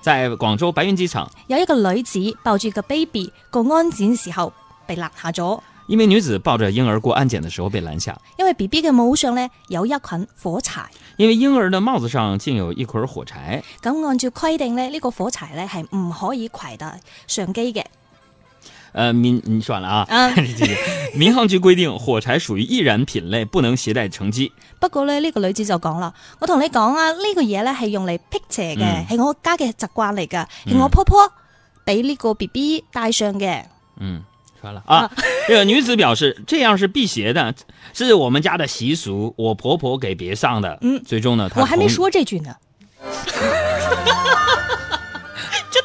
在廣州白雲機場，有一個女子抱住個 baby 過安檢時候被攔下咗。一名女子抱着嬰兒過安檢嘅時候被攔下，因為 B B 嘅帽上咧有一捆火柴。因為嬰兒的帽子上竟有一捆火柴。咁按照規定咧，呢、呢個火柴咧係唔可以携帶上機嘅。呃，民你說完了啊？啊 民航局規定，火柴屬於易燃品類，不能攜帶乘機。不過呢，這個女子就講了，我同你講啊，呢、這個嘢呢係用嚟辟邪嘅，係、嗯、我家嘅習慣嚟噶，係、嗯、我婆婆俾呢個 B B 帶上嘅。嗯，算了啊， 這個女子表示這樣是辟邪的，是我們家的習俗，我婆婆給別上的。嗯，最終呢，我還沒說這句呢、啊。